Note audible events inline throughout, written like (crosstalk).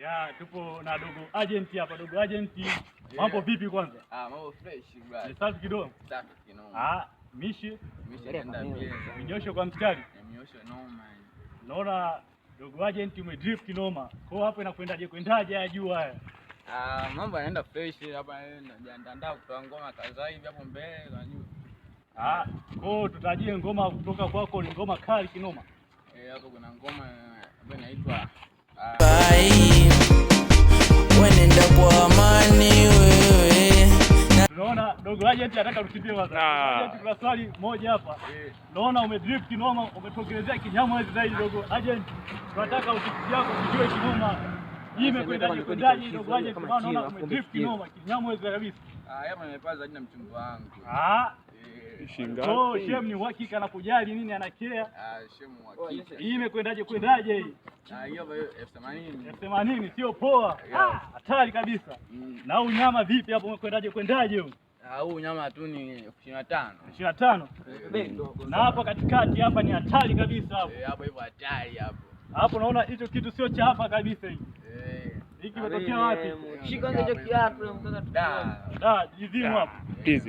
Ya, tupo na dogo agent hapa, dogo agent. Yeah. (laughs) Mambo vipi kwanza? Ah, mambo fresh bwana. Ni safi kidogo. Safi kinoma. Ah, mishi. Mishi nenda mbele. Minyosho kwa mstari. Minyosho noma. Naona dogo agent ume drip kinoma. Kwa hapo inakwendaje kwendaje ajua haya? Ah, mambo yanaenda fresh hapa eh, najiandaa kutoa ngoma kaza hivi hapo mbele unajua. Ah, kwa tutajie ngoma kutoka kwako ni ngoma kali kinoma. Eh, hapo kuna ngoma ambayo inaitwa ah. Bye. dogo waje eti anataka tutibie kwanza. Ah. Eti kuna swali moja hapa. Eh. Naona ume umedrip kinoma, umetokelezea kinyama hizi zaidi dogo. Agent, tunataka utibie yako tujue kinoma. Hii imekwendaje kwendaje dogo waje kwa naona ume umedrip kinoma kinyama hizi kabisa. Ah, yama nimepaza jina mchumba wangu. Ah. Eh. Shingapi. Oh, shemu ni uhakika na kujali nini anakea. Ah, shemu oh, uhakika. Hii imekwendaje kwendaje hii? Ah, hiyo elfu themanini. Elfu themanini sio poa. Ah, Hatari kabisa. Mm. Na unyama vipi hapo umekwendaje kwendaje huko? Ah, huu nyama tu ni ishirini na tano ishirini na tano na hapa katikati hapa ni hatari kabisa hapo. Eh, hapo hivyo hatari hapo. Hapo naona hicho kitu sio cha hapa kabisa hiki. Eh. Hiki kimetokea wapi? Shika hicho kiatu mkaka tu. Da, jizimu hapo.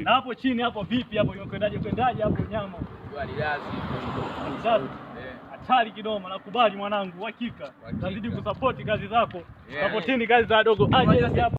Na hapo chini hapo vipi hapo imekwendaje kwendaje hapo nyama? Alilazi. Eh. Hatari kidomo nakubali mwanangu, hakika. Nazidi kusupport kazi zako. Supportini kazi za dogo Aje hapa.